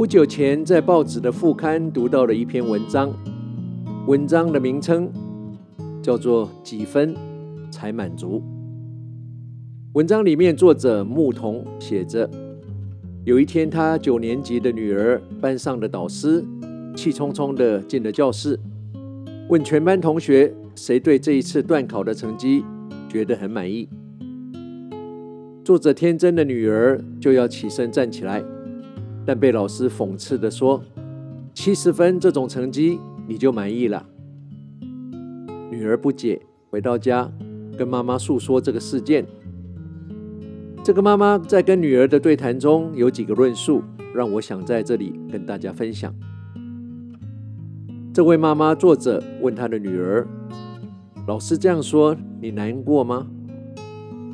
不久前，在報紙的副刊讀到了一篇文章，文章的名稱叫做《幾分才滿足》。文章裡面，作者牧童寫着：有一天，他九年級的女兒班上的導師氣冲沖地進了教室，問全班同學：“誰對這一次段考的成績覺得很滿意？”作者天真的女兒就要起身站起來。但被老師諷刺地說：“七十分這種成績你就滿意了。”女兒不解，回到家跟媽媽訴說這個事件。這個媽媽在跟女兒的對談中有幾個論述，讓我想在這裡跟大家分享。這位媽媽坐着問她的女兒：“老師這樣說，你難過嗎？”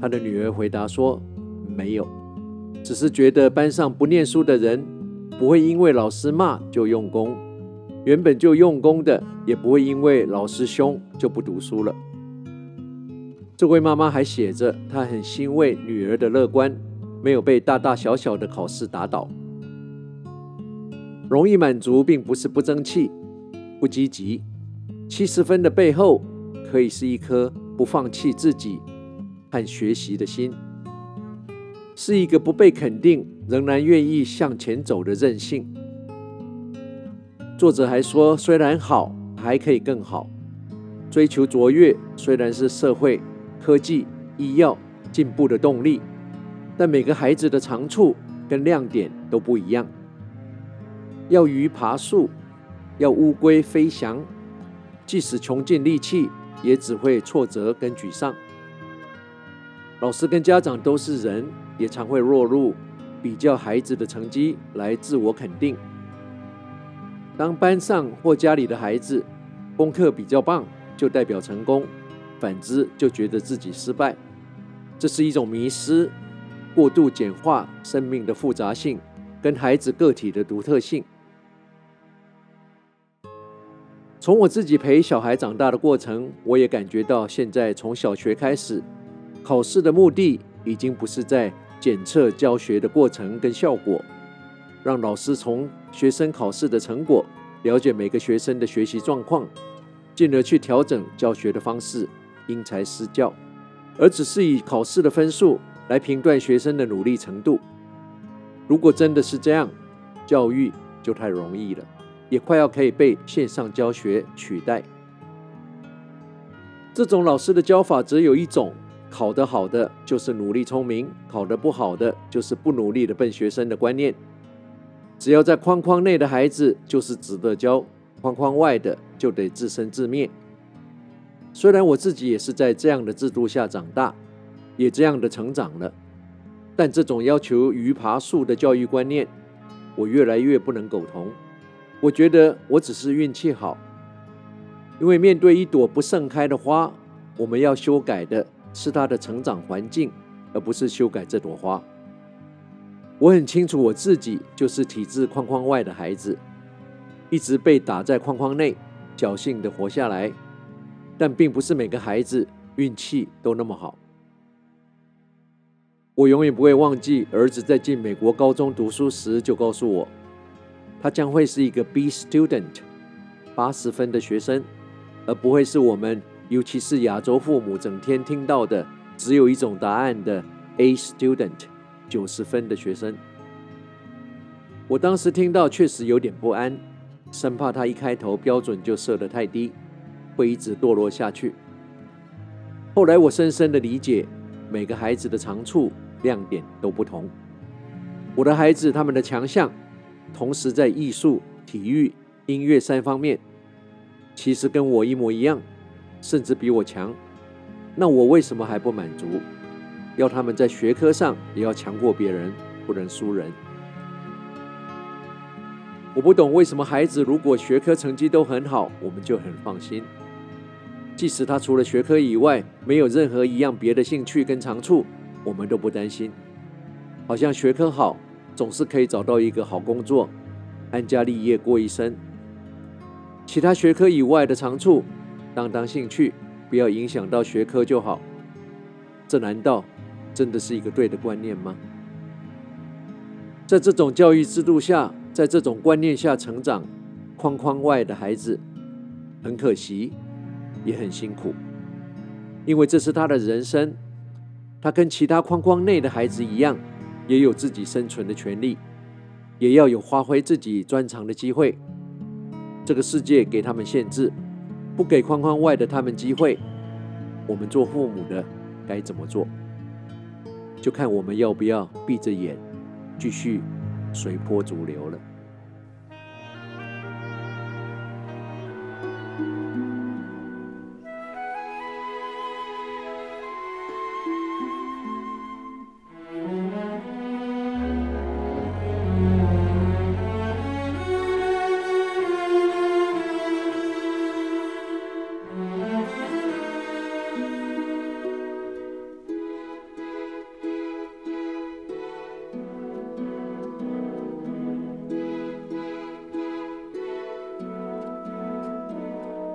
她的女兒回答說：“沒有。”只是覺得班上不唸書的人不會因為老師罵就用功，原本就用功的也不會因為老師兇就不讀書了。這位媽媽還寫着，她很欣慰女兒的樂觀沒有被大大小小的考試打倒，容易滿足並不是不爭氣、不積極。七十分的背後，可以是一顆不放棄自己和學習的心。是一個不被肯定，仍然願意向前走的韌性。作者還說，雖然好，還可以更好。追求卓越雖然是社會、科技、醫藥進步的動力，但每個孩子的長處跟亮點都不一樣。要魚爬樹，要烏龜飛翔，即使窮盡力氣，也只會挫折跟沮喪。老師跟家長都是人。也常會落入比較孩子的成績來自我肯定。當班上或家裡的孩子功課比較棒，就代表成功；反之，就覺得自己失敗。這是一種迷思，過度簡化生命的複雜性跟孩子個體的獨特性。從我自己陪小孩長大的過程，我也感覺到，現在從小學開始，考試的目的已經不是在。檢測教學的過程跟效果，讓老師從學生考試的成果了解每個學生的學習狀況，進而去調整教學的方式，因材施教，而只是以考試的分數來評斷學生的努力程度。如果真的是這樣，教育就太容易了，也快要可以被線上教學取代。這種老師的教法只有一種。考得好的就是努力聰明，考得不好的就是不努力的笨學生的觀念。只要在框框內的孩子就是值得教，框框外的就得自生自滅。雖然我自己也是在這樣的制度下長大，也這樣的成長了，但這種要求魚爬樹的教育觀念，我越來越不能苟同。我覺得我只是運氣好，因為面對一朵不盛開的花，我們要修改的。是他的成長環境，而不是修改這朵花。我很清楚，我自己就是體制框框外的孩子，一直被打在框框內，僥幸的活下來。但並不是每個孩子運氣都那麼好。我永遠不會忘記，兒子在進美國高中讀書時就告訴我，他將會是一個 B student，八十分的學生，而不會是我們。尤其是亞洲父母整天聽到的只有一種答案的 A student，九十分的學生，我當時聽到確實有點不安，生怕他一開頭標準就設得太低，會一直墮落下去。後來我深深的理解，每個孩子的長處亮點都不同，我的孩子他們的強項，同時在藝術、體育、音樂三方面，其實跟我一模一樣。甚至比我強，那我為什麼還不滿足？要他們在學科上也要強過別人，不能輸人。我不懂為什麼孩子如果學科成績都很好，我們就很放心。即使他除了學科以外，沒有任何一樣別的興趣跟長處，我們都不擔心。好像學科好，總是可以找到一個好工作，安家立業過一生。其他學科以外的長處，當當興趣，不要影響到學科就好。這難道真的是一個對的觀念嗎？在這種教育制度下，在這種觀念下成長，框框外的孩子很可惜，也很辛苦，因為這是他的人生。他跟其他框框內的孩子一樣，也有自己生存的權利，也要有發揮自己專長的機會。這個世界給他們限制。不給框框外的他們機會，我們做父母的該怎麼做？就看我們要不要閉着眼繼續隨波逐流了。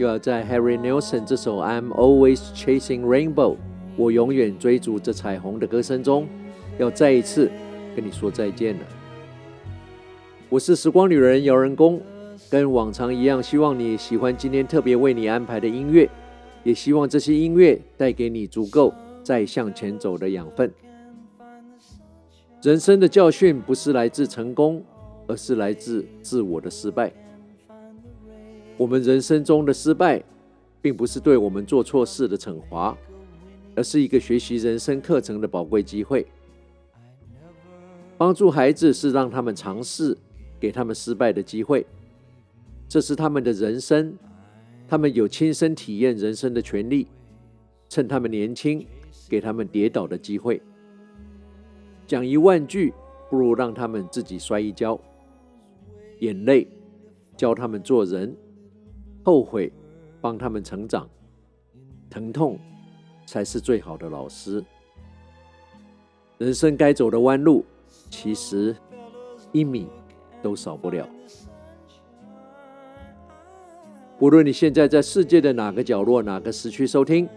又要在 Harry Nelson 這首《I'm Always Chasing Rainbow》，我永遠追逐着彩虹的歌聲中，要再一次跟你說再見了。我是時光女人姚人工，跟往常一樣，希望你喜歡今天特別為你安排的音樂，也希望這些音樂帶給你足夠再向前走的養分。人生的教訓不是來自成功，而是來自自我的失敗。我們人生中的失敗，並不是對我們做錯事的懲罰，而是一個學習人生課程的寶貴機會。幫助孩子是讓他們嘗試，給他們失敗的機會，這是他們的人生，他們有親身體驗人生的權利。趁他們年輕，給他們跌倒的機會，講一萬句，不如讓他們自己摔一跤，眼淚，教他們做人。後悔，幫他們成長，疼痛，才是最好的老師。人生該走的彎路，其實一米都少不了。不論你現在在世界的哪個角落、哪個時區收聽，《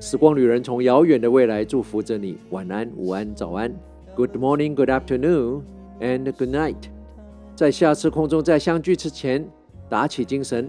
時光旅人》從遙遠的未來祝福着你。晚安、午安、早安，Good morning, good afternoon, and good night。在下次空中再相聚之前，打起精神。